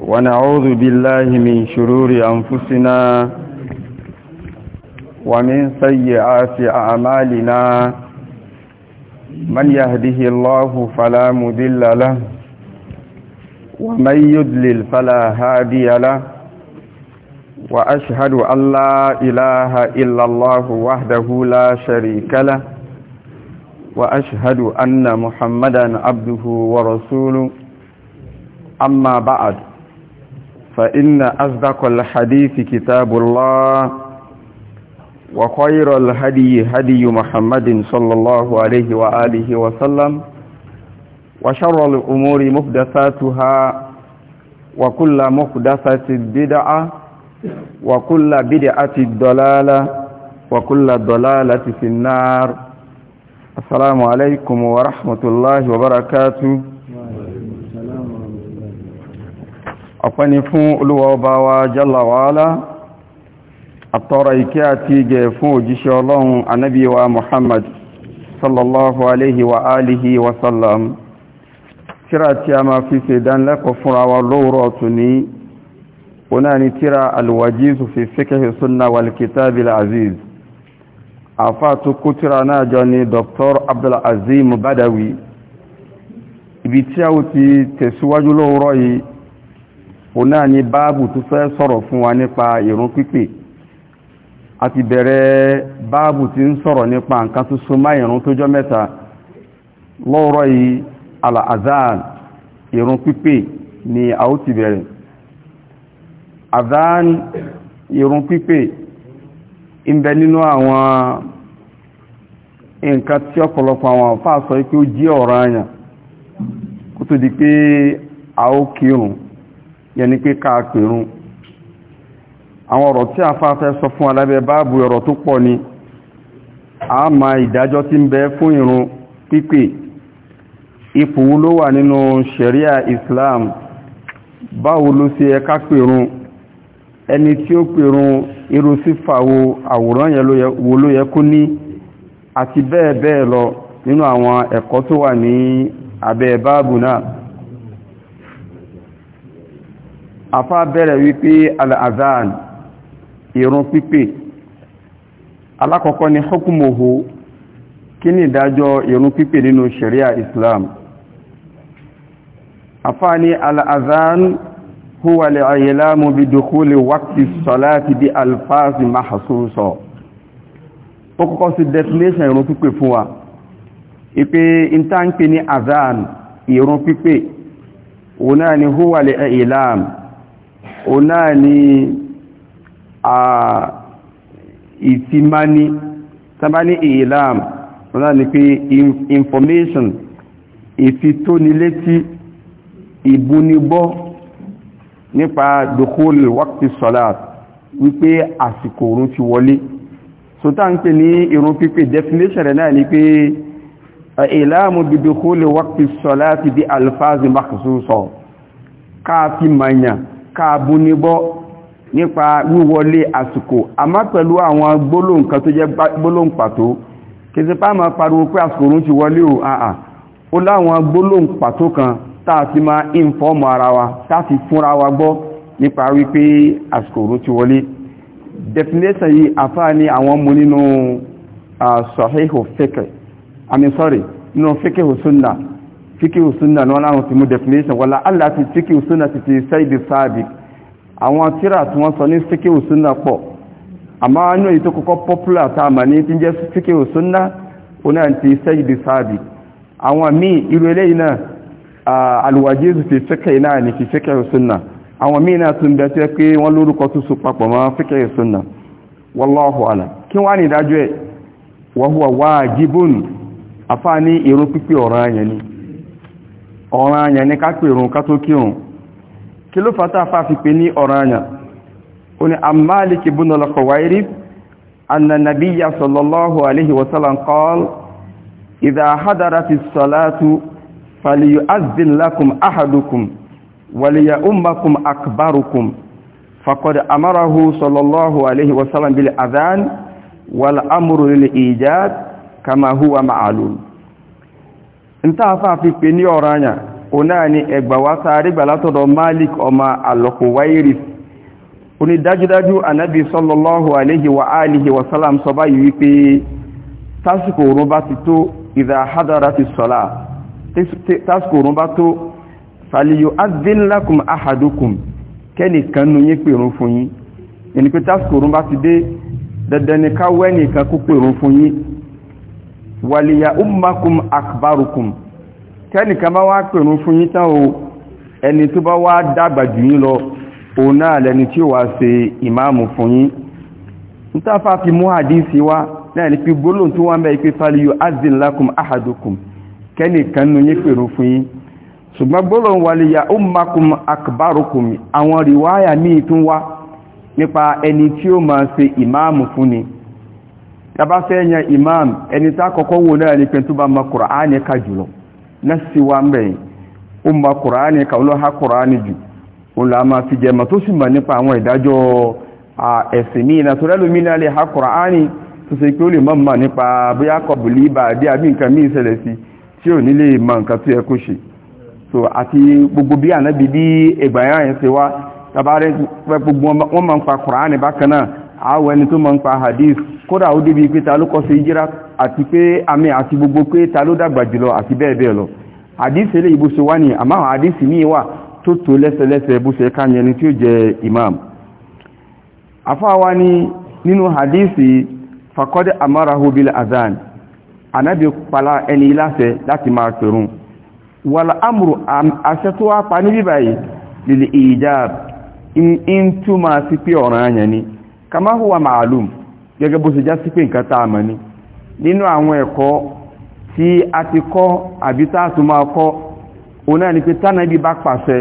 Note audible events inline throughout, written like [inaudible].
ونعوذ بالله من شرور أنفسنا ومن سيئات أعمالنا من يهده الله فلا مذل له ومن يدلل فلا هادي له وأشهد أن لا إله إلا الله وحده لا شريك له وأشهد أن محمدا عبده ورسوله أما بعد فإن أصدق الحديث كتاب الله وخير الهدي هدي محمد صلى الله عليه وآله وسلم وشر الأمور محدثاتها وكل محدثة بدعة وكل بدعة ضلالة وكل ضلالة في النار السلام عليكم ورحمة الله وبركاته ọpẹ́ ni fún olúwa ọba wa jalla wa ala àtọrọ ìkẹ́ àti ìgẹ̀ fún òjíṣẹ́ ọlọ́run anábí wa muhammad sallallahu alaihi wa alihi wa sallam tíra tí a máa fi ṣe ìdánilẹ́kọ̀ọ́ fúnra wa lóòrọ̀ tù ní ni tíra alwajizu fi fiqh sunna wal kitabil aziz àfáà tó kó tíra náà jọ ni dr abdulazim badawi ibi tí a ti tẹ̀síwájú lóòrọ̀ yìí o náà ni báàbù tó fẹ́ sọ̀rọ̀ fún wa nípa ìrun pípè a ti bẹ̀rẹ̀ báàbù tí ń sọ̀rọ̀ nípa nǹkan tó so má ìrun tó jọ mẹ́ta lọ́rọ̀ yìí al-azan irun pípè ni a ó ti bẹ̀rẹ̀ azan irun pípè ń bẹ nínú àwọn nǹkan tí ọ̀pọ̀lọpọ̀ àwọn àfáà sọ pé ó jí anya kó tó di pé a ó kírun yẹni pé ká àwọn ọ̀rọ̀ tí a fáfẹ́ sọ fún alábẹ́ báàbù ọ̀rọ̀ tó pọ̀ ni a ma ìdájọ́ ti ń bẹ fún ìrun pípè ipò ló wà nínú sharia islam báwo ló ṣe yẹ pèrún ẹni tí ó pèrún irú sífà àwòrán yẹn wo ló yẹ ní àti bẹ́ẹ̀ bẹ́ẹ̀ lọ nínú àwọn ẹ̀kọ́ tó wà ní abẹ́ afá bẹ̀rẹ̀ wípé al'azán ìrun pípè alákọ̀ọ́kọ́ ni hukumuhu kí ni ìdájọ́ ìrun pípè nínú sharia islam afá ni al'azán huwa al'ilamu bi dukhuli waqti salati bi alfazi mahsusa ó kọ́kọ́ sí definition ìrun pípè fún wa ìpé ìntàǹpé ni azán ìrun pípè òun náà ni huwa al'ilamu ona ni a itimani ní ilam ona ni pe information ìfitónilétí ìbúnibọ́ nípa dukhul waqti salat wípé àsìkò òun ti wọlé so tá ń pè irun pípé definition rẹ̀ náà ni pé ìlàmù bi dukhul waqti salati bi alfazi makhsusa káàfí manya káàbù níbọ́ nípa wíwọlé àsìkò àmá pẹ̀lú àwọn gbólóhùn kan tó jẹ́ gbólóhùn pàtó kìsìpá ma pariwo pé àsìkò òun ti wọlé o àà ó láwọn gbólóhùn pàtó kan táà ti máa ìfọ́ọ̀mù ara wa táà ti fúnra wa gbọ́ nípa wípé àsìkò ti wọlé definition yìí àfáà ni àwọn mú nínú sahihu fiqh sorry nínú fiqh sunna fíkíù súnà ní wọ́n láwọn ti mú definition wọ́n láàlá ti fíkíù súnà ti fi sẹ́ìdì sáàbì àwọn tíra tí wọ́n sọ ní fíkíù súnà pọ̀ àmá inú èyí tó kọ́kọ́ popular tààmà ní tí jẹ́ fíkíù súnà oná ti sẹ́ìdì sáàbì àwọn míì irú eléyìí náà alwajizu fi fíkẹ̀ náà ní fi fíkíù súnà àwọn míì náà tún bẹ́ tẹ́ pé wọ́n lórúkọ tuntun papọ̀ mọ́ fíkíù súnà wallahu ala kí wọ́n ọ̀ràn àyàn ní kápẹ̀rún ká tó kírùn kí ló fata fa fi pè ní ọ̀ràn àyàn ó ní amalik ibn al-khawairib anna nabiyya sallallahu alaihi wasallam qala idha hadaratis salatu falyu'adhdhin lakum ahadukum وليأمكم أكبركم فقد أمره صلى الله عليه وسلم بالأذان والأمر للإيجاد كما هو معلوم nta fa fi pe ní ọ̀ranyà ona ni egba wa sari gba látọ̀dọ̀ malik ọmọ al-Huwayrith oni dájúdájú anabi sallallahu alaihi wa alihi salam sọ báyìí wí pé tásìkò orun bá ti tó idha hadarati salat tásìkò orun bá tó faliyu adhin lakum ahadukum kẹ́ni kan nu yín pè run fún yín ẹni pé tásìkò orun bá ti dé dandan ni ká wẹ́ni kan kó pè run fún yín wàlìyà ummakum akbarukum kẹ́nìkan bá wá pẹ̀rún fún yín tán o ẹni tó bá wá dàgbà jù yín lọ òun náà lẹni tí ó wá ṣe ìmáàmù fún yín nítafà fi mú àdísí wá náà ní pí gbólóhùn tó wá ń bẹ́ ipé fàlíyù azin lakum ahadukum kẹ́nìkan nù yín pẹ̀rún fún yín ṣùgbọ́n gbólóhùn wàlìyà ummakum akbarukum àwọn rìwáyà míì tún wá nípa ẹni tí ó máa ṣe ìmáàmù fún ni tàbá fẹ́ yan imam ẹni tá kọ́kọ́ wò náà ní pé ma kuraani ká na siwa wá mẹ́ o ma ka ká ha kùránì jù o là máa fi ma tó sì mà a àwọn ìdájọ́ ẹ̀sìn ha kùránì tó sì pé ó lè má mà nípa bóyá kọ̀bùlì ibà àdé àbí nǹkan míì ṣẹlẹ̀ sí tí so ati gbogbo bi gbogbo hadith kódà ó débi pé ta ló kọ́ sí ìjírá àti pé àmì àti gbogbo pé ta ló dàgbà jùlọ àti bẹ́ẹ̀ bẹ́ẹ̀ lọ àdísì ilé ìbò ṣe wá ní àmá àwọn ní wà tó tó lẹ́sẹ̀lẹ́sẹ̀ bó ṣe ká yẹni tí ó jẹ imam afáwa ni nínú àdísì fakọ́dẹ̀ amarahu bil azan anábi pala ẹni láṣẹ láti máa pẹ̀rún wàlá amuru àṣẹ tó wá pa ní in túmọ̀ sí pé ọ̀ràn yẹni kama huwa ma'lum gẹ́gẹ́ bó ṣe já sí pé nǹkan tá a mọ̀ ni nínú àwọn ẹ̀kọ́ tí a ti kọ́ àbí tá a tún máa kọ́ òun náà ni pé tánàbí bá pàṣẹ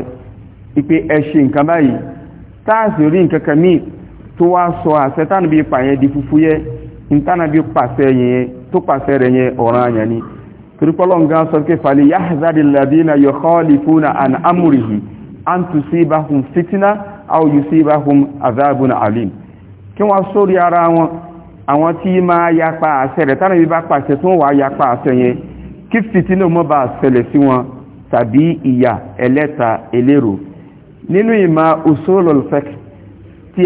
ìpè ẹ ṣe nǹkan báyìí tá a sì rí nǹkan kan míì tó wá sọ àṣẹ tánàbí pààyàn di fúfú yẹ ntánàbí pàṣẹ yẹn tó pàṣẹ rẹ̀ yẹn ọ̀ràn àyàn ni torípọ́lọ́ nǹkan sọ pé fàlẹ̀ yáhàzádì làdínà yukhalifuna an amrihi an tusibahum fitna aw yusibahum azabun alim kí wọ́n sórí ara wọn àwọn tí máa yapa àṣẹ rẹ̀ tánà bíbá pàṣẹ tó wà yapa àṣẹ yẹn kí fìtínà mọ́ bá ṣẹlẹ̀ sí wọn tàbí ìyà ẹlẹ́ta elérò nínú ìmá usulul fiqh tí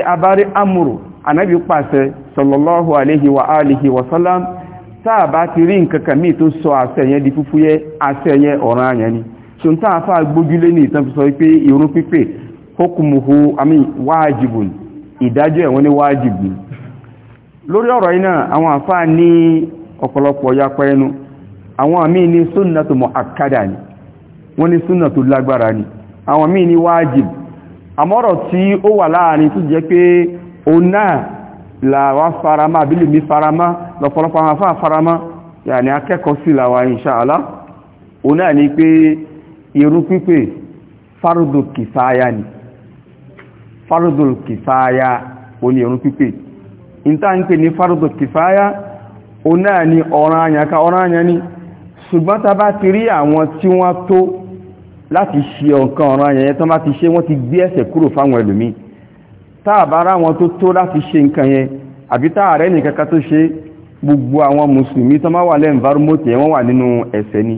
amúrò anábì pàṣẹ sallallahu aléhi wa alihi wa sallam táà bá ti rí nkankan míì tó sọ àṣẹ yẹn di fúfúyẹ́ àṣẹ yẹn ọ̀ràn àyàn ni so n táà fà gbójúlé ní ìtàn fi sọ pé ìrún pípé hukumuhu àmì wájibun ìdájọ́ ẹ̀wọ́n ní wájibun lórí ọ̀rọ̀ iná àwọn àfá ní ọ̀pọ̀lọpọ̀ yapa ẹnu àwọn àmì ní sunnatu ni wọ́n ní lágbára ni àwọn àmì ní wájib àmọ́rọ̀ tí ó wà láàrin tó jẹ́ pé náà làwá farama àbílì farama lọ́pọ̀lọpọ̀ àwọn farama ni pé irun ìta ń pè ní fardu kìfáyà o náà ni ọ̀ràn àyàká ọ̀ràn àyà ni ṣùgbọ́n ta bá ti rí àwọn tí wọ́n tó láti ṣe ọ̀kan ọ̀ràn àyà yẹn tán bá ti ṣe wọ́n ti gbé ẹ̀ṣẹ̀ kúrò fáwọn ẹlòmí táàbára wọn tó tó láti ṣe nǹkan yẹn àbí táàrẹ́ nìkankan tó ṣe gbogbo àwọn mùsùlùmí tán bá wà lẹ́nvárúmọ́tì ẹ̀ wọ́n wà nínú ẹ̀ṣẹ̀ ni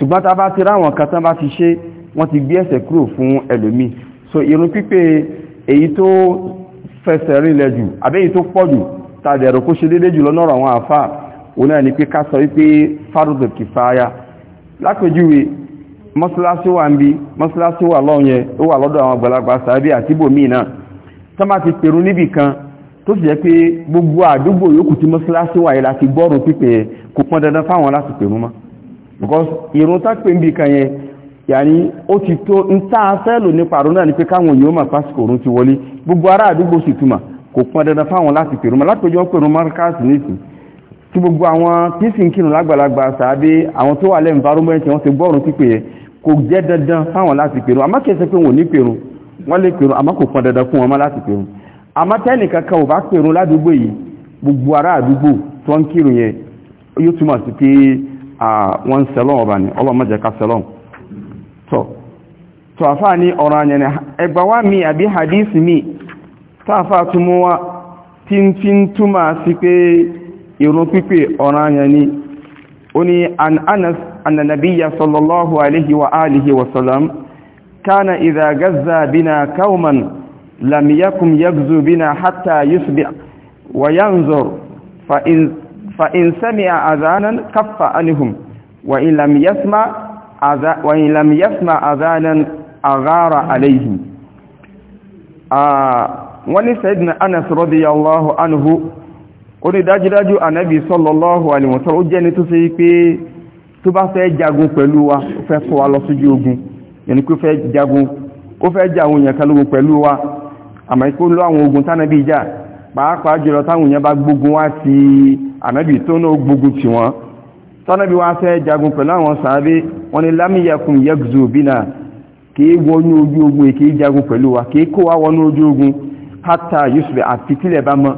ṣùgbọ́n ta bá ti ráwọn kan tán bá ti ṣe wọ́n ti gbé ẹ̀ṣẹ̀ kúrò fún ẹlòmí so irun pípé èyí tó fẹsẹ̀ rinlẹ̀ jù àbẹ́yìn tó pọ̀ jù tàdẹ̀rọ kó ṣe dédé jù lọ́nà àwọn àfà òun náà ni pé ká sọ wípé fárúdù kìfáyà lápèjúwe mọ́sálásí wà ń bí mọ́sálásí wà lọ́wọ́ yẹn ó wà lọ́dọ̀ àwọn àgbàlagbà sàábì àti bòmíì náà tó má ti pèrú níbì kan tó sì jẹ́ pé gbogbo àdúgbò yòókù tí mọ́sálásí wà yẹn láti gbọ́rùn pípẹ́ kò pọn dandan fáwọn láti pèrú mọ́ yàní ó ti tó ń táa fẹ́ lò nípa àrùn náà ni pé káwọn yóò máa pásìkò òrùn ti wọlé gbogbo ará àdúgbò sì túmọ̀ kò pọn dandan fáwọn láti pèrò mọ́ látòjọ́ pèrò márkàsì nìsín tí gbogbo àwọn lágbàlagbà sàábé àwọn tó wà wọ́n ti gbọ́rùn pípè yẹ kò jẹ́ dandan fáwọn láti pèrò àmọ́ kẹsẹ̀ pé wọn ní pèrò wọ́n lè pèrò àmọ́ kò pọn dandan fún wọn láti pèrò àmọ́ ò bá pèrò tọ́ tọ́ àfáà ní ọ̀rọ̀ àyẹ̀nà ẹgbà wá mi àbí hadith mi tààfáà túnmọ́ wá tí ń fi ń túnmà sí pé ìrún pípè ọ̀rọ̀ àyẹ̀ ni ó ní anas annanabiya sallallahu alaihi wa alihi wa sallam kana idha gazza bina kauman lam yakum yagzu bina hatta yusbi wa yanzur fa in fa in sami'a adhanan kaffa anhum wa in lam yasma' وإن لم يسمع أذانا أغار عليه wani sayidina anas radiyallahu anhu ó ní dájúdájú anabi sallallahu alaihi wasallam ó jẹ́ ni tó ṣe pé tó bá fẹ́ jagun pẹ̀lú wa ó fẹ́ kó wa lọ sójú ogun yani kó fẹ́ jagun ó fẹ́ ja àwọn yan kan lógun pẹ̀lú wa àmọ́ kó lọ àwọn ogun ta nabi jà pàápàá jùlọ táwọn yan bá gbógun wá ti anabi tó no gbógun ti wọn tọ́nàbí wá fẹ́ jagun pẹ̀lú àwọn sàábé wọn ni lámìyàkùn yẹ́gùzù bínà kìí wọnú ojú ogun èkìí jagun pẹ̀lú wa kìí kó wá wọnú ojú ogun hátà yusuf àti tílẹ̀ bá mọ́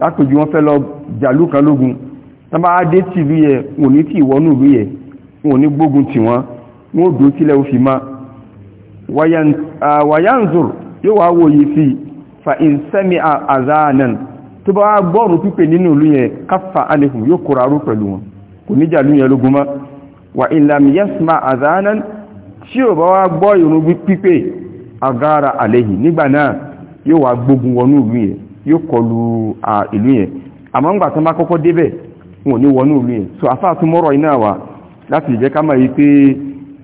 lápèjú wọn fẹ́ lọ jàlú kan lógun tọ́bá dé tìlú yẹ wọn ní tí ìwọ́nú ìlú yẹ wọn ní gbógun tì wọ́n wọn ò dúró tílẹ̀ ó wàyánzùr yóò wá wòye sí fa ìsẹ́mi àzáànan tó bá gbọ́rùn pípè nínú ìlú yẹ káfà alẹ́kùn yóò kóraró pẹ̀lú wọn kò ní jàlú yẹn lógún mọ́ wà ìlàmì yẹ́sùmá àzáánán tí ò bá wá gbọ́ ìrun pípé agára àlẹ́yì nígbà náà yóò wá gbógun wọnú ìlú yẹn yóò kọlu ìlú yẹn àmọ́ so àfáà tún mọ́rọ̀ iná wa láti jẹ́ ká máa yí pé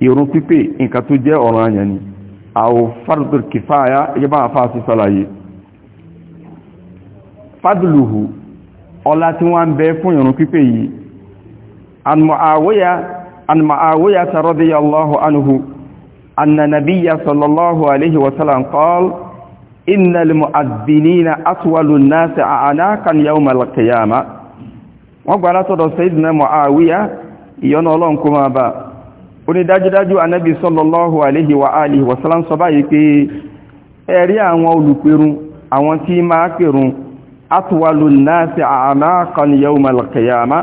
ìrun pípé nǹkan tó jẹ́ ọ̀ràn àyàn ni àwọn fardul kìfáyà ẹgbẹ́ bá عن معاوية عن معاوية رضي الله عنه أن النبي صلى الله عليه وسلم قال إن المؤذنين أطول الناس أعناقا يوم القيامة وقال ترى سيدنا معاوية ينولون كما با oni dájúdájú anábi sallallahu alaihi wa alihi wa sallam sọ báyìí pé ẹ̀rí àwọn olùpẹ̀rún àwọn tí máa pẹ̀rún atwalu an-nasi a'naqan yawm al-qiyamah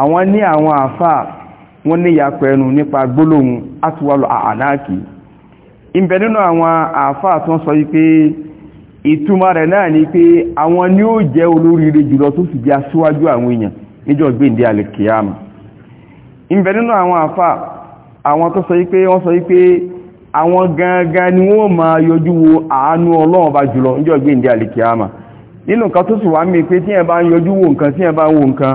àwọn ní àwọn àfáà wọ́n ní yàpẹ̀ ẹnu nípa gbólóhùn atuwalu àánáàkì ìbẹ̀ nínú àwọn àfáà tó ń sọ wípé ìtumọ̀ rẹ̀ náà ni pé àwọn ni ó jẹ́ olóríire jùlọ tó sì jẹ́ aṣíwájú àwọn èèyàn níjọ́ gbéǹdé alìkìyàmù nínú àfáà sọ pe gangan ni ma wo nǹkan tó sì wá mí pé tí wo nǹkan tí wo nǹkan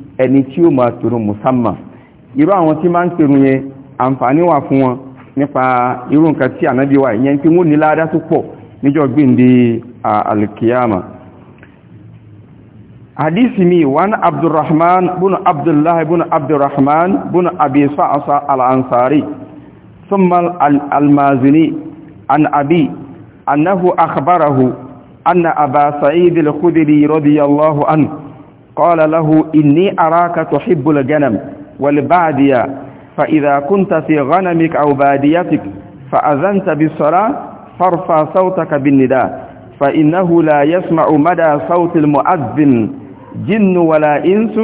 ẹni tí ó máa tòrùn musamman irú àwọn tí máa ń tòrùn yẹn àǹfààní wà fún wọn nípa irú nǹkan tí ànábí wà ìyẹn pé wọ́n ní ládá tó pọ̀ níjọ́ gbìndé alkiyama hadisi mi wọn abdurrahman bún abdullahi bún abdurrahman bún abisa asa al'ansari ثم المازني عن أبي أنه أخبره أن أبا سعيد الخدري رضي الله عنه قال له إني أراك تحب الجنم والبادية فإذا كنت في غنمك أو باديتك فأذنت بالصلاة فارفع صوتك بالنداء فإنه لا يسمع مدى صوت المؤذن جن ولا إنس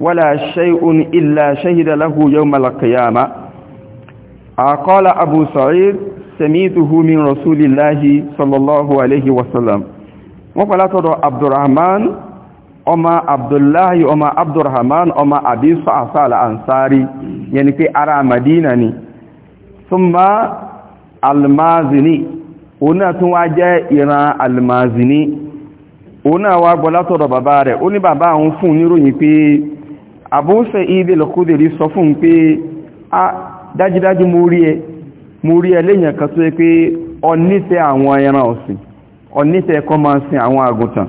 ولا شيء إلا شهد له يوم القيامة آه، قال أبو سعيد سميته من رسول الله صلى الله عليه وسلم وقال عبد الرحمن ọmọ abdullahi ọmọ abdurrahman ọmọ abisu asala ansari yẹni pé ara madina ni súnmọ́ almazini ona tún wá jẹ́ ìran almazini ona wá gbọ́látọ̀rọ̀ bàbá rẹ̀ ó ní bàbá àwọn fún níròyìn pé Abu Sa'id al sọ fún pé a dájídájí mo rí ẹ mo rí ẹ léyàn kan tó yẹ pé ọ nífẹ̀ẹ́ àwọn ẹran ọ̀sìn ọ nífẹ̀ẹ́ kọ́ máa sin àwọn àgùntàn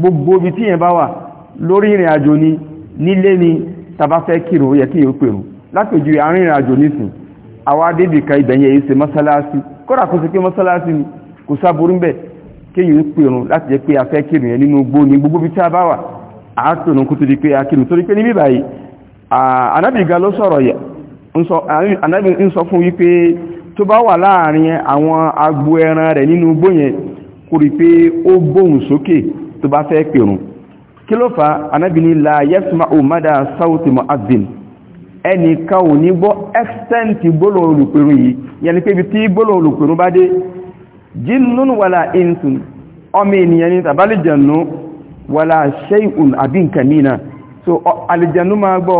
gbogbo ibi tí yẹn bá wà lórí ìrìn àjò ni nílé ni tàbá fẹ́ kírò yẹ kí yóò pèrò látòjú àárín ìrìn àjò nísìn àwọn adédìka ìbẹ̀yẹ yìí ṣe mọ́sálásí kódà kó sì pé mọ́sálásí ni kò sáburú bẹ̀ kí yóò pèrò láti jẹ́ pé a fẹ́ kírò yẹn nínú gbó ni gbogbo ibi tí a bá wà á kó tó di pé a torí pé níbí báyìí anábì ló sọ̀rọ̀ yẹ anábì ń sọ fún wípé tó bá wà láàárín àwọn agbo ẹran rẹ̀ nínú gbó yẹn kò rí pé ó gbóhùn sókè tó bá fẹ́ pèrún kí ló fa anábìní la yasma'u mada sauti mu'adhdhin ẹnìkan ò ní gbọ́ extent gbólò olùpẹ̀rún yìí yẹni pé ibi tí gbólò olùpẹ̀rún bá dé jinnun wàlá insun ọmọ ènìyàn ní tàbálìjànú wàlá shay'un àbí nǹkan so alìjànú máa gbọ́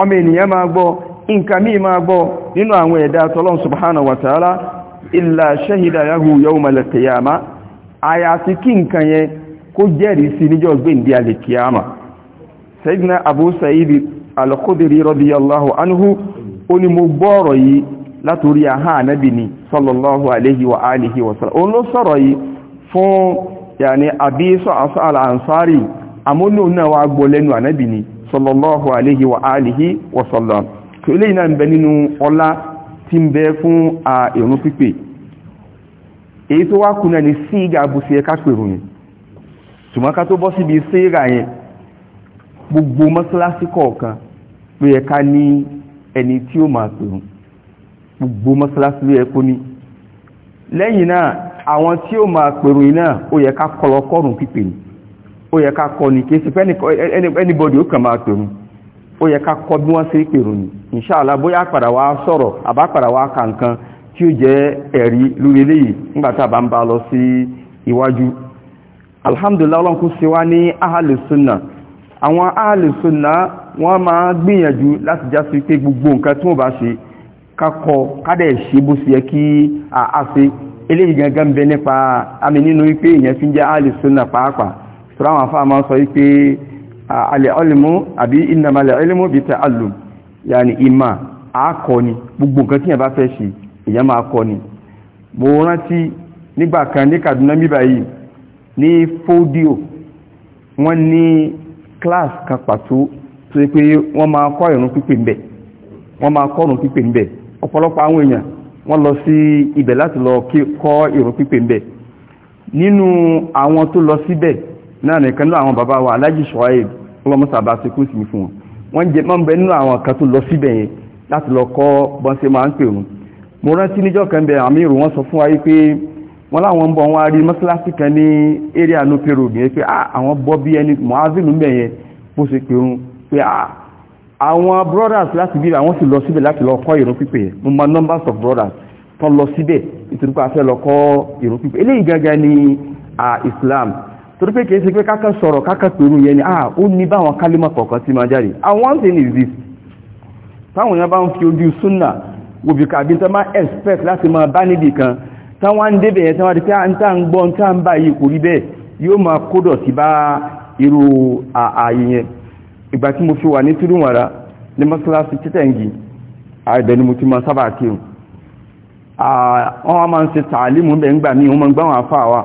ọmọ ènìyàn máa gbọ́ nǹkan mìí máa gbọ́ nínú àwọn ẹ̀dá tọ́lọ́n subhanahu wa ta'ala illa shahida yahu yawmal qiyamah àyàfi kí nǹkan kó jẹ́rìí sí níjọ́ gbéǹdé alìkíyàmà sẹ́gbìnà abu sa'id al-khudri radiyallahu anhu ó ní mo gbọ́ọ̀rọ̀ yìí látorí àhá ànábì ni sallallahu alaihi wa alihi wa sallam òun ló sọ̀rọ̀ yìí fún yàní àbí sọ́ọ̀sọ́ al-ansari àmúlò náà wá gbọ́ lẹ́nu ànábì ni sallallahu alaihi wa alihi wa sallam tó ilé iná èyí tó wá kú náà ni sí ìgbà àbúsí ẹ̀ká ṣùgbọ́n ká tó bọ́ síbi síra yẹn gbogbo mọ́sálásí kọ̀ọ̀kan ló yẹ ká ní ẹni tí ó máa pèrún gbogbo mọ́sálásí ló yẹ kó ní lẹ́yìn náà àwọn tí ó máa pèrún iná ó yẹ ká pípè ó yẹ ká kọ ní kéèsì ó kàn máa ó yẹ ká kọ bí wọ́n ní inṣáàlá bóyá padà wá sọ̀rọ̀ wá tí ó jẹ́ ẹ̀rí lórí eléyìí nígbà tá a bá ń bá alhamdulillah ọlọ́run kó ṣe wá ní ahàlùsùnà àwọn ahàlùsùnà wọ́n máa gbìyànjú láti já sí pé gbogbo nǹkan tí wọ́n bá ṣe kakọ kádẹ̀ ṣe bó ṣe yẹ kí àáṣe eléyìí gangan bẹ nípa àmì nínú wípé èèyàn fi ń jẹ́ ahàlùsùnà pàápàá sọ́rọ̀ àwọn afáà máa sọ wípé alẹ́ ọlẹ́mú àbí ní Kaduna mi báyìí ní fódíò wọ́n ní class kan pàtó tó yẹ pé wọ́n máa kọ́ ìrun pípè ń bẹ̀ wọ́n máa kọ́ ìrun pípè ń bẹ̀ ọ̀pọ̀lọpọ̀ àwọn èèyàn wọ́n lọ sí ibẹ̀ láti lọ kọ́ ìrun pípè ń bẹ̀ nínú àwọn tó lọ síbẹ̀ náà nìkan ní àwọn bàbá wa alájì ṣọ́ọ́yè ọlọ́mọ́sà bá ti kú sí fún wọn wọ́n jẹ mọ́ bẹ nínú àwọn kan tó lọ síbẹ̀ yẹn láti lọ kọ́ bọ́n máa ń pè wọn mo rántí níjọ́ kan bẹ àmì ìrù wọn sọ fún wa yìí pé wọ́n láwọn ń bọ̀ wọ́n rí mọ́síláṣí kan ní area no pay road yẹn pé ah, àwọn bọ́ bí ẹni mọ́ázìlú mẹ́yẹn bó ṣe pé òun ah, pé àwọn brothers láti bí àwọn sì lọ síbẹ̀ láti lọ kọ́ ìrún pípẹ́ mo mọ numbers of brothers tó lọ síbẹ̀ nítorí pé a fẹ́ lọ kọ́ ìrún pípẹ́ eléyìí gangan ni Islam torí pé kìí ṣe pé kákan sọ̀rọ̀ kákan pèrú yẹn ni ah ó ní báwọn kálímọ̀ kọ̀ọ̀kan ti máa jáde and one thing is this táwọn èèyàn bá ń fi ojú súnà wòbìkà àbí tán bá expect láti máa bá níbì kan tán wá ń débẹ̀ yẹn tán wá di pé à ń tàn gbọ́n tán báyìí kò rí bẹ́ẹ̀ yóò máa kódọ̀ sí bá irú ààyè yẹn ìgbà tí mo fi wà ní túrúwàrá ní mọ́sálásí títẹ̀ǹgì àìbẹ̀ ni mo ti máa sábà kí wọn wọ́n máa ń ṣe tààlímù bẹ̀ ń gbà mí wọ́n máa ń gbáwọn àfáà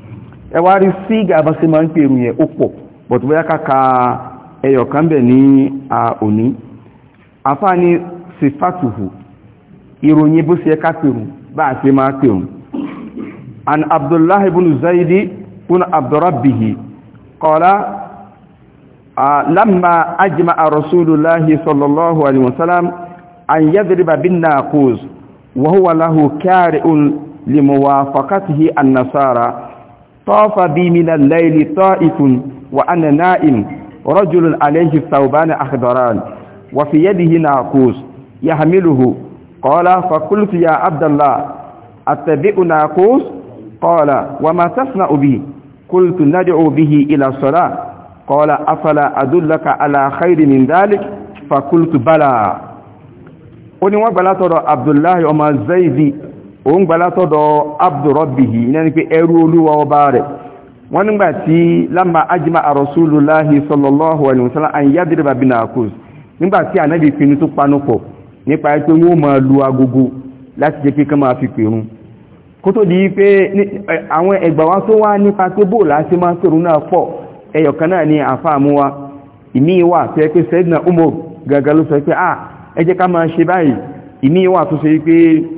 ẹwà rí sígà bá sí máa ń pèrú yẹn ó pọ̀ bọ̀tù bóyá káka ẹyọ̀ kan bẹ̀ ní a òní afá ní sifatuhu ìròyìn bó sí ẹka pèrú bá a máa pèrú an abdullahi bin zaidi bin abdurrabbihi qala lamma ajma'a rasulullahi sallallahu alaihi wasallam an yadriba bin naqus wa huwa lahu kari'un limuwafaqatihi an-nasara طاف بي من الليل طائف وأنا نائم رجل عليه ثوبان أخضران وفي يده ناقوس يحمله قال فقلت يا عبد الله أتبئ ناقوس قال وما تصنع به قلت ندعو به إلى الصلاة قال أفلا أدلك على خير من ذلك فقلت بلى وني وبلا ترى عبد الله وما زيد o ń gbàlá sọ́dọ̀ abdurrabbihi iná ní pé ẹrú olúwa ọba rẹ̀ wọ́n nígbà tí lámà ajima àrọ̀súlùláhì sallallahu alaihi wasallam an yadriba bin akus nígbà tí ànábì pinnu tó panupọ̀ nípa pé wọ́n máa lu agogo láti jẹ́ máa fi pèrún kó tó di pé àwọn ẹgbà wá tó wá nípa pé láti máa pèrún náà pọ̀ náà ni wa ìmí wà tó yẹ pé sẹ́dínà umar sọ pé ah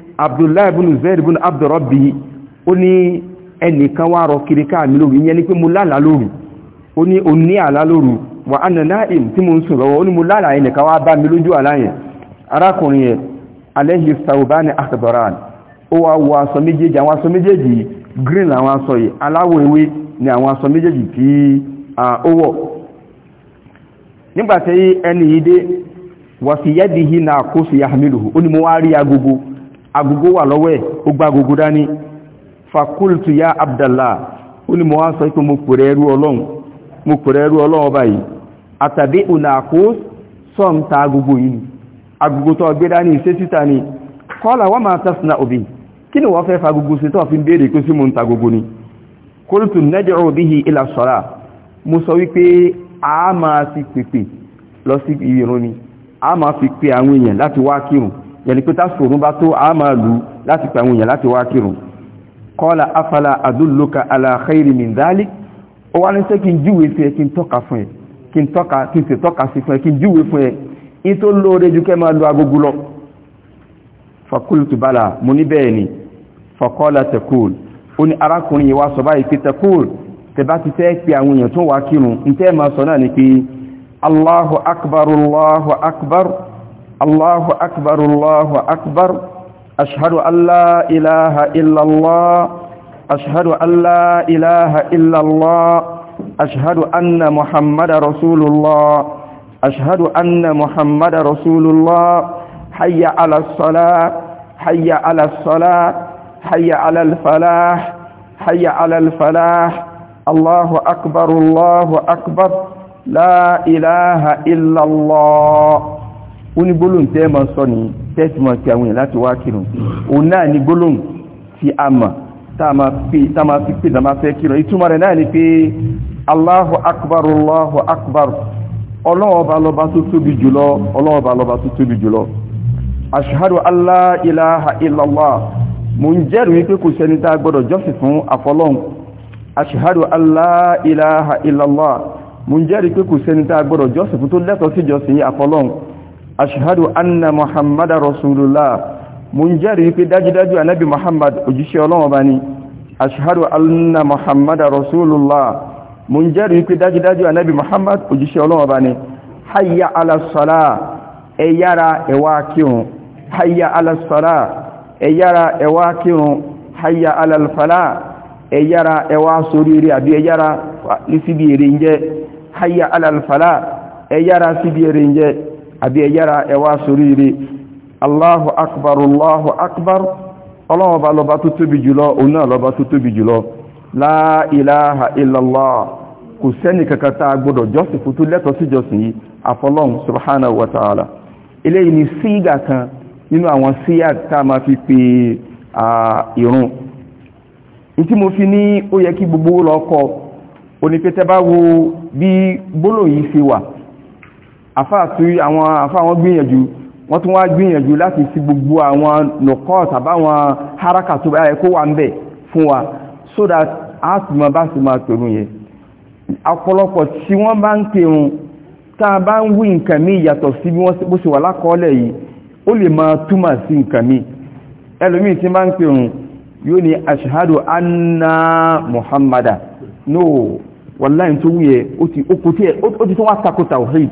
abdullahi ibn zayd ibn abdurrabbi ó ní ẹnìkan wá rọ kiri káàmì lóru ìyẹn ni pé mo lálàá lóru ó ní o ní àlá lóru wà ánà náìm tí mo ń sùn lọ́wọ́ ó ní mo lálàá ẹnìkan wá bá mi lójú àlá yẹn arákùnrin yẹn alayhi sawbani akhbaran ó wá wọ aṣọ méjèèjì àwọn aṣọ méjèèjì green làwọn aṣọ yìí aláwọ̀ ewé ni àwọn aṣọ méjèèjì tí ó wọ̀ nígbàtí ẹni yìí dé wà fi yadihi naqus yahmiluhu ó ní mo wá rí agogo agogo wà lọ́wọ́ ẹ̀ ó gbá agogo dání fakultu ya abdallah ó ní mo wá sọ pé mo pèrè ẹrú ọlọ́run mo pèrè ẹrú ọba yìí àtàbí ònàkó sọ́ǹta agogo yìí agogo tó gbé dání iṣẹ́ síta ni kọ́lá wọ́n máa tẹ́sìnà òbí kí ni wọ́n fẹ́ fa agogo sí tó fi ń béèrè pé sí mo ń ta agogo ni yẹni pé tásìkò òun bá tó a máa lù láti pẹ̀ àwọn láti wá kírun kọ́lá afala adúlùlọ́ka aláàkẹ́rì mìndálì ó wá ní sẹ́ kí n júwe fún ẹ kí n tọ́ka fún ẹ kí n tọ́ka kí n tọ́ka sí fún ẹ kí n júwe fún ẹ in tó lóore ju kẹ́ máa lo agogo lọ fakultu bala mo ní bẹ́ẹ̀ ni fakọ́lá tẹ̀kúl ó ní arákùnrin yìí wá sọ báyìí pé tẹ̀kúl tẹ bá ti fẹ́ pe àwọn èèyàn tó wá kírun ní tẹ́ máa sọ náà ni pé allahu akbar allahu akbar الله أكبر الله أكبر أشهد أن لا إله إلا الله أشهد أن لا إله إلا الله أشهد أن محمد رسول الله أشهد أن محمد رسول الله حي على الصلاة حي على الصلاة حي على الفلاح حي على الفلاح الله أكبر الله أكبر لا إله إلا الله ó ní gbólóhùn tẹ́ ma sọ ní tẹ́tìmọ̀ tí àwọn èèyàn láti wá kírun òun náà ní gbólóhùn tí a mọ̀ tá ma fi pè dàmà fẹ́ kírun ìtumọ̀ rẹ̀ náà ni pé Allahu akbar Allahu akbar ọlọ́ọ̀bá lọ́ba tó tóbi jùlọ ọlọ́ọ̀bá illallah mo ń jẹ́rìí wípé kò sẹ́ni tá gbọ́dọ̀ jọ́sìn fún àfọlọ́hun ashhadu illallah mo ń jẹ́rìí pé kò sẹ́ni tá gbọ́dọ̀ jọ́sìn fún tó lẹ́tọ̀ọ́ sí jọ́sìn àfọlọ́hun ashhadu anna muhammada rasulullah mun jẹ́rìí pé dájúdájú ànábì muhammad òjíṣẹ́ ọlọ́run ọba ni ashhadu anna muhammada rasulullah mun jẹ́rìí pé dájúdájú ànábì muhammad òjíṣẹ́ ọlọ́run ọba ni hayya ala salah ẹ yára ẹ wá kírun hayya ala salah ẹ yára ẹ wá kírun hayya ala falah ẹ yára ẹ wá sórí ire àbí ẹ hayya ala falah ẹ yára síbi àbí ẹ̀yára ẹwà soríire Allahu akbar Allahu akbar ọlọ́wọ́ bá lọ́ba tó tóbi jùlọ òun náà lọ́ba tó tóbi jùlọ la ilaha illallah kò sẹ́ni kankan tá a gbọ́dọ̀ jọ́sìn fún tó lẹ́tọ̀ọ́ sí jọ́sìn yìí àfọlọ́hun subhanahu wa ta'ala eléyìí ni sígà kan nínú àwọn síyà tá a fi pe ìrun tí mo fi ní ó yẹ kí gbogbo lọ kọ onípẹ́tẹ́ bá wo bí gbólóyìí ṣe wà àfáà tí àwọn àfáà wọn gbìyànjú wọ́n tún wá gbìyànjú láti sí gbogbo àwọn nọ̀kọ́ tàbáwọn haraka tó báyẹ kó wà ń bẹ̀ fún wa so that a sì mọ bá sì máa pẹ̀lú yẹn ọ̀pọ̀lọpọ̀ tí wọ́n bá ń pẹ̀rún tá a bá ń wí nǹkan mí yàtọ̀ sí bí wọ́n bó ṣe wà lákọọ́lẹ̀ yìí ó lè máa túmọ̀ sí nǹkan mí ẹlòmíì tí bá ń pẹ̀rún yóò ní ashahadu anna muhammada no wàláyìn tó wúyẹ ó ti tó wá takò tawhid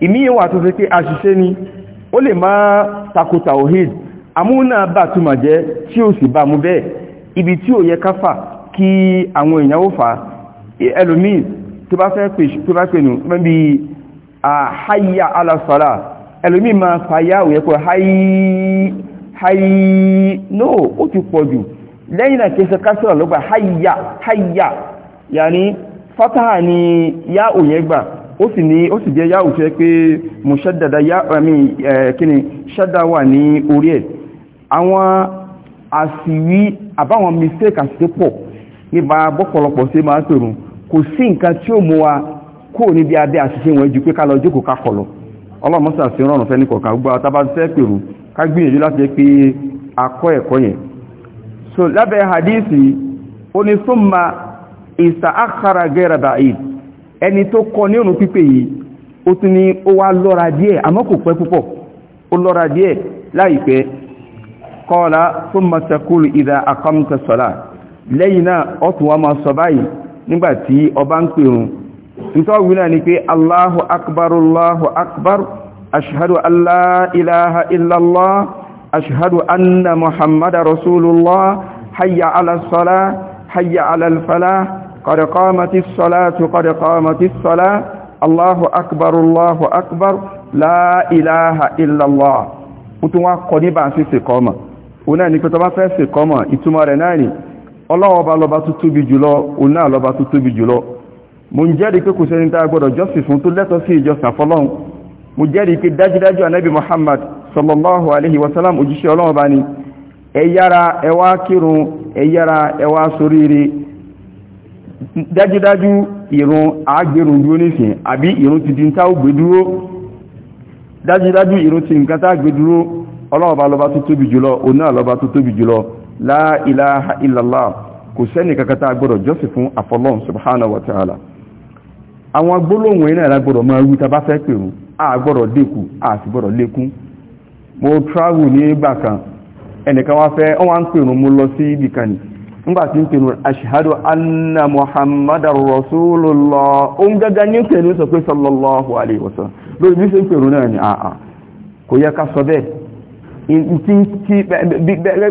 ìmíyàn wà tó fi pé àṣìṣe ni ó lè máa tako tawhid amúnà bá túmọ̀ jẹ́ tí ó sì bá mú bẹ́ẹ̀ ibi tí ó yẹ káfà kí àwọn èèyàn ó fà ẹlòmíì tó bá fẹ́ pẹ̀lú mẹ́bí àháyà alásọ́lá ẹlòmíì máa fàyà òyẹ́kọ̀ háyí no ó ti pọ̀ jù lẹ́yìn náà kẹsẹ̀ kásìlá lọ́gbà háyà háyà yàní fátà ni yá òyẹ́gbà ó sì ní ó sì jẹ́ yáwù tó yẹ pé mo ṣẹ́dàdà yáàmì kíni ṣẹ́dà wà ní orí ẹ̀ àwọn àsìwí àbáwọn mistake àti pọ̀ nípa bọ́pọ̀lọpọ̀ sí máa pèrún kò sí nǹkan tí ó mú wa kó níbi abẹ́ àṣìṣe wọn ju pé ká lọ jókòó ká kọlọ̀ ọlọ́mọ́sà sí so lábẹ́ hadisi ó ní súnmà ìsà ẹni tó kọ ní òrùn pípé yìí ó tún ní ó wá lọ́ra díẹ̀ àmọ́ kò pẹ́ púpọ̀ ó lọ́ra díẹ̀ láìpẹ́ kọ́ọ̀lá fún masakul ìdá akọ́mùtẹ̀sọ́lá lẹ́yìn náà ọ̀tún wa máa sọ báyìí nígbàtí ọba ń pè rùn nítọ́wí náà ni pé aláhu akbar aláhu akbar ashhadu an la ilaha illallah muhammadu rasulullah hayya ala hayya ala قد قامت الصلاة قد قامت الصلاة الله أكبر الله أكبر لا إله إلا الله وتوا قنبا في سقامة ona ni pé tó bá fẹ́ ṣe komo ìtumọ̀ rẹ̀ náà ni Ọlọ́run ba ló bá tó tóbi jùlọ ona ló bá tó tóbi jùlọ mo ńjẹ́rìí pé kò se nta gbọ́dọ̀ justice fún tó leto sí ìjọsìn fọ́lọ́run mo jẹ́rìí pé dájú dájú Ànábì Muhammad sallallahu alaihi wasallam òjíṣẹ́ Ọlọ́run ba ni ẹ yára ẹ wá kírun ẹ yára ẹ wá soriri dájúdájú ìrun àágbèrún dúró nísìn àbí ìrun ti díntá ó gbé dúró dájúdájú ìrun ti nǹkan tá gbé dúró ọlọ́ọ̀bá lọba tó tóbi jùlọ oná lọba tó tóbi jùlọ la ilaha illallah kò sẹ́ni kankan tá gbọ́dọ̀ jọ́sìn fún àfọlọ́n subhanahu wa ta'ala àwọn gbólóhùn iná ìlà gbọ́dọ̀ máa wí tàbá fẹ́ pèrú a gbọ́dọ̀ dínkù a sì gbọ́dọ̀ lékún mo travel ní ìgbà kan ẹnìkan wá fẹ́ wọ́n wá ń pèrú mo lọ ńgbà tí ń ashhadu anna muhammadar rasulullah oun gaga ní sallallahu alaihi wasallam lórí bí ṣe ń pè kò yẹ ká sọ bẹ́ẹ̀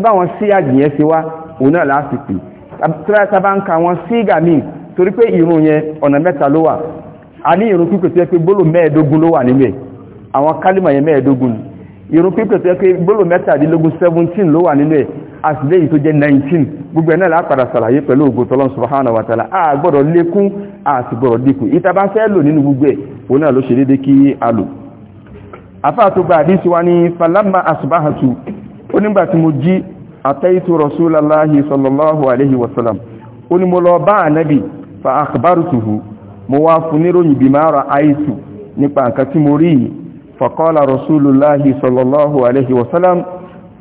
báwọn sí si sí wá òun náà láti pè tàbáǹkà wọn sí tori míì iru pé ona meta ọ̀nà a ní ìrun pípẹ̀ tó yẹ pé gbólò 17 àtìlẹ́yìn tó jẹ́ 19 gbogbo ẹ̀nà lápàdà sàlàyé pẹ̀lú ògo tọ́lọ́n subhanahu wa ta'ala a gbọ́dọ̀ lékún àti gbọ́dọ̀ dínkù ìtàbá fẹ́ lò nínú gbogbo ẹ̀ òun náà ló ṣe dédé kí a lò afá tó gba àdísí wa ní falamma asbahatu ó nígbà tí mo jí ataitu rasulallahi sallallahu alaihi wasallam ó ní mo lọ bá ànábì fa akhbartuhu mo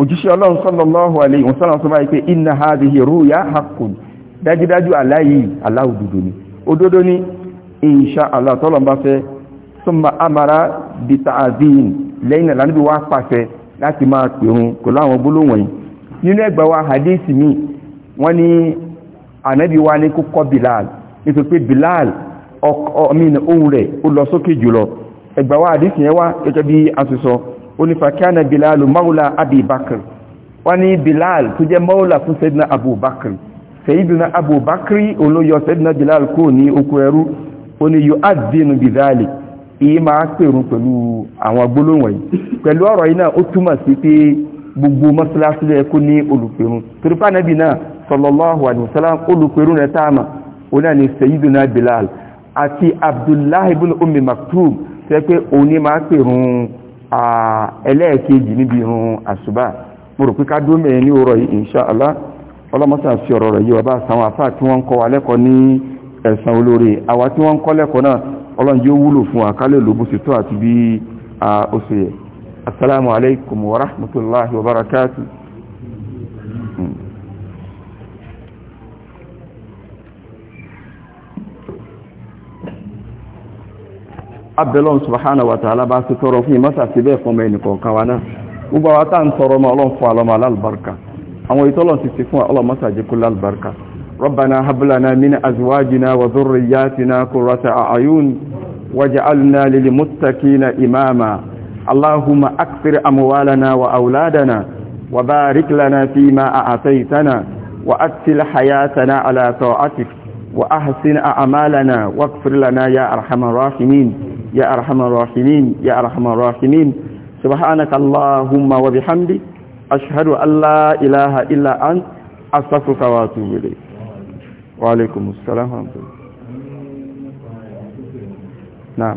òjíṣẹ́ ọlọ́run sallallahu alayhi wa sallam sọ báyìí pé inna hadhihi ruya haqqun dájúdájú aláyìí aláwùdúdú ni òdodo ni insha Allah tọ́lọ̀ bá fẹ́ summa amara bi ta'zin lẹ́yìn lánàbí wá pàṣẹ láti máa pèrún kò láwọn gbólóhùn nínú ẹgbà wa hadisi mi wọ́n ní ànábì wa ní kókọ́ bilal nítorí pé bilal ọmọ bí a onífàkíánà bilal maula abi bakr wọ́n ní bilal tó jẹ́ maula fún sẹ́dínà abubakr sẹ́yìdìna abubakr olóyọ sẹ́dínà bilal kò ní okú ẹrú ó ní yóò ádínú bìdáàlì èyí máa pèrún pẹ̀lú àwọn gbólóhùn yìí pẹ̀lú ọ̀rọ̀ yìí náà ó túmọ̀ sí pé gbogbo mọ́sálásí ní olùpẹ̀rún sallallahu alaihi wasallam olùpẹ̀rún rẹ̀ táàmà ó náà bilal àti abdullahi ibn ummi maktum tẹ́ pé ẹlẹ́ẹ̀kejì níbi irun àṣùbà mo rò ká dúró mẹ́rin ní òrọ̀ yìí si fi ọ̀rọ̀ rẹ̀ yí wa bá àsàwọn àfáà tí wọ́n ń kọ́ wa lẹ́kọ̀ọ́ ní ẹ̀sàn olóore àwa tí wọ́n ń kọ́ lẹ́kọ̀ọ́ náà ọlọ́run wúlò fún wa kálẹ̀ abẹ́lọ́n subhanahu wa ta'ala bá sí tọrọ fún ìmọ́sà sí bẹ́ẹ̀ fọmọ ẹnìkan kan wa náà gbogbo àwọn tá ń tọrọ ọmọ ọlọ́run fún alọ́mọ alálùbáríkà àwọn ìtọ́lọ̀n ti ti fún ọlọ́mọ́sà jẹ́ kó lálùbáríkà ربنا هب لنا من أزواجنا وذرياتنا قرة أعين واجعلنا للمتقين إماما اللهم أكثر أموالنا وأولادنا وبارك لنا فيما أعطيتنا وأكثر حياتنا على طاعتك وأحسن أعمالنا واغفر لنا يا أرحم الراحمين يا أرحم الراحمين يا أرحم الراحمين سبحانك اللهم وبحمدك أشهد أن لا إله إلا أنت أستغفرك وأتوب إليك وعليكم السلام ورحمة الله نعم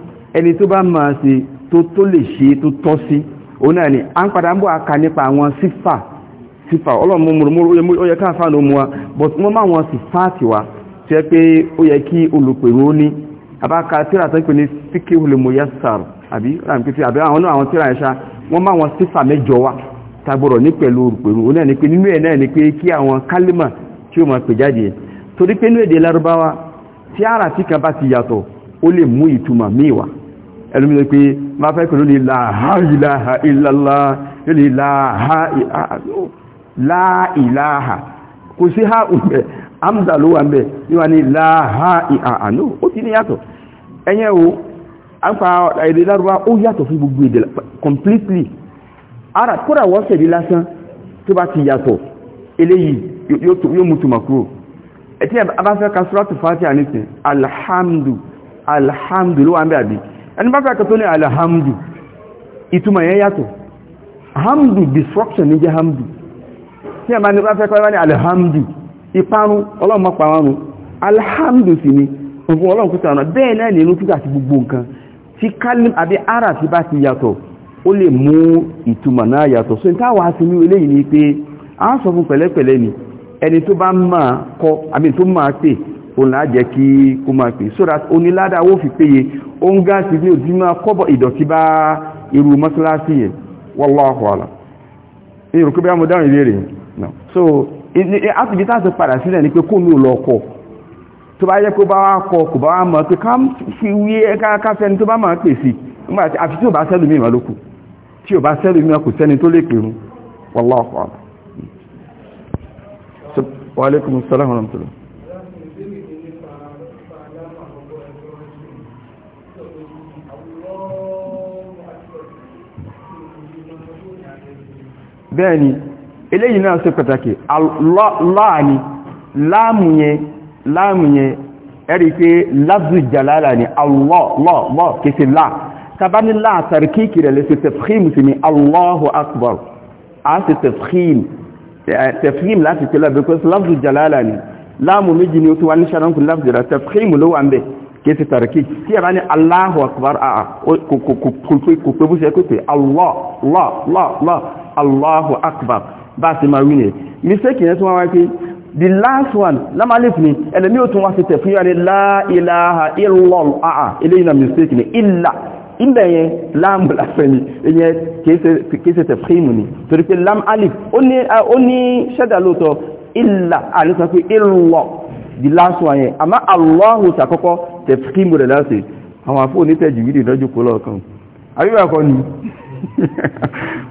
ẹni tó bá máa ṣe tó tó lè ṣe tó tọ́ sí òun náà ni a ń padà ń bọ́ aka nípa àwọn sífà sífà ọlọ́mọmọrún ó yẹ ká fáànù mú wa but wọ́n máa wọn sì fáàtì wa tí ẹ pé ó yẹ kí olùpèrò ó ní abáka tíra tó ń pè ní síkéhùlẹ̀ mọ̀yásàrù àbí ràǹkìtì àbí àwọn náà àwọn tíra ẹ̀ṣá wọ́n máa wọn sífà mẹ́jọ pẹ̀lú olùpèrò ó náà ni pé nínú ẹ̀ náà ni pé kí àwọn kálímà tí ó máa pè jáde torí pé nínú èdè lárúbáwá tí ara tí kan bá ti yàtọ̀ ó lè mú ìtumọ̀ míì ẹlùmí lè pé máa fẹ́ kòrò lè láàá ìlàlá yóò lè láàá ìlàáha kò sí ha ùpẹ̀ amza ló wà ń bẹ̀ níwà ní láàá ìhànú ó ti ní yàtọ̀ ẹ̀yẹ́ o a ń fa èdè lárúbá ó yàtọ̀ fún gbogbo èdè completely ara kódà wọ́n sẹ̀dí lásán tó bá ti yàtọ̀ eléyìí yóò mú alhamdu alhamdu ló wà ń bẹ̀ àbí anibaka katoni alhamdu ituma yeyato hamdu destruction ni hamdu ti amani ba fe ko wani alhamdu iparu olorun ma pa alhamdu si ni ofo olorun ko tanu be na ni nu gbogbo nka ti kalim abi ara ti ba ti yato o le mu ituma na yato so nta wa si ni eleyi ni pe a so fun pele pele ni eni to òun láà jẹ́ kí kó máa pè so that oníládà ó fi péye ó ń gá sí ní òdí máa kọ́bọ̀ ìdọ̀tí bá irú mọ́sálásí yẹn wallahu a'lam irú kí bí a mọ̀ dáhùn ìbéèrè so àtìbí tá a ti padà sílẹ̀ ni pé kó mi ò lọ kọ̀ tó bá yẹ kó bá wá kọ kò bá wá mọ̀ pé ká fi wí ká fẹ́ni tó bá máa pè sí nígbàtí àfi tí ò bá sẹ́lù mìíràn lókù tí ò bá sẹ́lù mìíràn kò sẹ́ni tó lè pèrún wallahu a'lam Wa alaikum assalam wa rahmatullah bẹ́ẹ̀ni eléyìí náà ṣe pàtàkì láàni láàmùyẹn láàmùyẹn ẹ̀rí pé lábù jàlálà ni allọ́lọ́lọ́ kìí láà tàbání láà tàríkìkì rẹ̀ lè ṣe tẹ̀fíìmù sí ni allahu akbar a ṣe tẹ̀fíìmù láti tẹ́lá because lábù jàlálà ni láàmù ni ó Allahu akbar bá ti máa wí ní mistake yẹn tún wá wá pé the last one lamalif ni ẹlẹ́mí ò tún wá fi tẹ̀fún yára la ilaha illallah àà ilé mistake ni illa ilẹ̀ yẹn láàmù lásán ni ìyẹn kéèsẹ̀ tẹ̀fún ni torí pé lam alif ó ní ṣẹ́dà lóòtọ́ illa àrísàn pé the last one yẹn àmá Allahu tàkọ́kọ́ tẹ̀fún rẹ̀ láti àwọn àfóò ní tẹ̀jù wídì lọ́jọ́ kó lọ́ọ̀kan àríwá kan ni [laughs]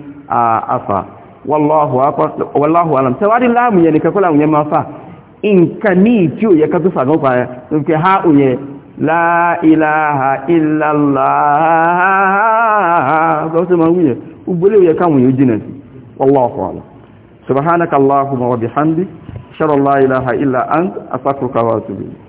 afa wallahu akbar wallahu alam tawari lamu yẹn nìkan kọ́ láwọn yẹn máa fà nǹkan ní tí ó yẹ ká tó fàgán pa ẹ̀ nǹkan ha ò yẹn la ilaha illallah lọ́sí ma wúyẹ̀ ugbólé yẹ káwọn yóò jìnà sí wallahu alam subhanakallahumma wa bihamdi sharallah ilaha illa ant astaghfiruka wa atubu